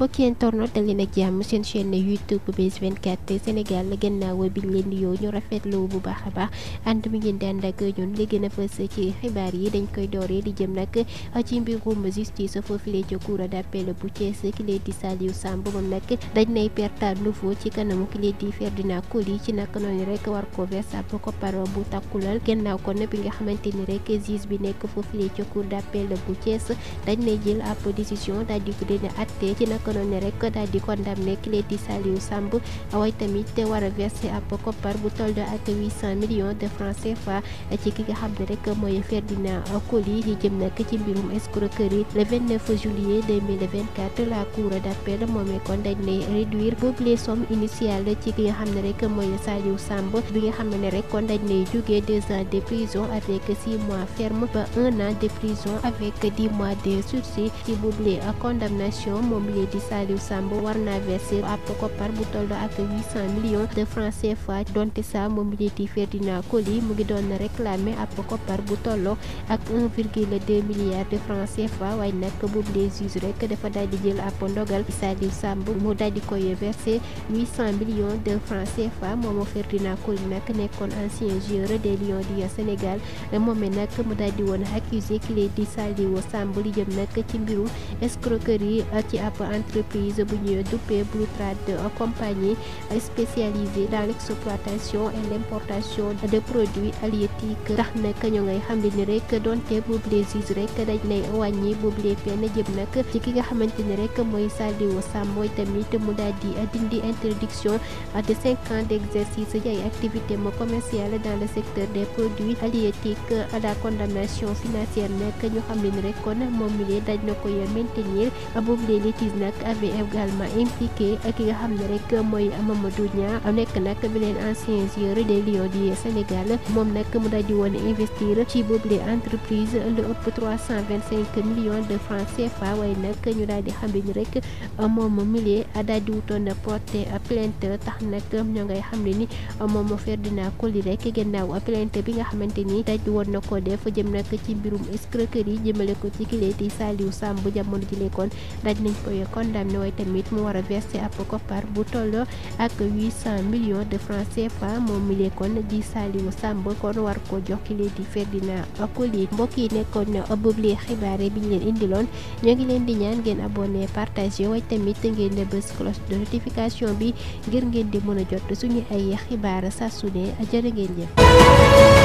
mbokki internet dal leen ak jàmm seen chaîne youtube buzz Sénégal gannaaw biñ leen yow ñu rafetlu bu baax a baax ànd mi ngeen di ànd ak ñun li gën a ci xibaar yi dañ koy dooree di jëm nag ci mbirum ma foofulee ca cour d'appel bu Thiès ki lee di Saliou Samb moom nag dañ nay perte nouveau ci kanamu ki lee di Ferdinand Coly ci naka noonu rek war ko verse ab koppar bu takkulal gannaaw kon bi nga xamante ni rek juge bi nekk foofulee ca cour d'appel bu Thiès dañ nay jël ab décision daal di ko konoon rek da di condamné kile di Saliou Samb waaye tamit war a verser ab par bu toll ak 800 millions de francs CFA ci ki nga xamné rek moy Ferdinand Coly di jëm nak ci mbirum escroquerie le 29 juillet 2024 la cour d'appel moomee condamné réduire boobu les sommes initiales ci ki nga xamné rek moy Saliou Samb bi nga xamné rek condamné 2 deux ans de prison avec 6 mois ferme ba un an de prison avec 10 mois de sursis ci à condamnation moom di Saliou Samb war na verser koppar bu toll ak millions de francs CFA donte sa moom Ferdinand Coly mu ngi doon réclamer ab koppar bu tolloo ak 1,2 de francs CFA waaye nag boobu les juges rek dafa daal di jël ab ndogal Saliou Samb mu daal di koy verser millions de francs CFA moomu Ferdinand Coly nag nekkoon ancien joueur des Lions du Sénégal moom it nag mu daal di woon accusé kii di Saliou Samb li jëm ci mbiru escroquerie ci ab entreprise bu ñuy duppee Blue Trade compagnie spécialisée dans l'exploitation et l'importation de produits halieutiques tax nag ñu ngay xam ne ni rek donte boobu les juges rek dañ lay wàññi boobu les peines jëm nag ci ki nga xamante ni rek mooy Saliou Samb mooy tamit mu daal di dindi interdiction de cinq ans d'exercice ci ay activités commerciales dans le secteur des produits halieutiques à la condamnation financière nag ñu xam ne ni rek kon moom mi ABF Galma MPK ak ki nga xam ne rek mooy Mamadou Niang nekk nag beneen ancien joueur des Lions du Sénégal mu investir ci boobule entreprise lu ëpp 325 millions de francs CFA waaye nag ñu daal di xam ni rek moom milier daal di wutoon a plainte tax nag ñoo ngay xam ni moom Ferdinand Coly rek a plainte bi nga xamante ni daal di woon na def jëm nag ci mbirum escroquerie jëmale ko ci kilé di Saliou Samb jamono ji lekkoon nañ kon condamné waaye tamit mu war a versé ab koppar bu tolloo ak 800 millions de francs CFA moom mi lekkoon di Saliou Samb kon war ko jox ki di Ferdinand Coly mbokk yi nekkoon na boobule xibaar bi ñu leen indiloon ñoo ngi leen di ñaan ngeen abonné partagé waaye tamit ngeen ne bés cloche de notification bi ngir ngeen di mëna jot suñu ay xibaar saa su ne ngeen jëf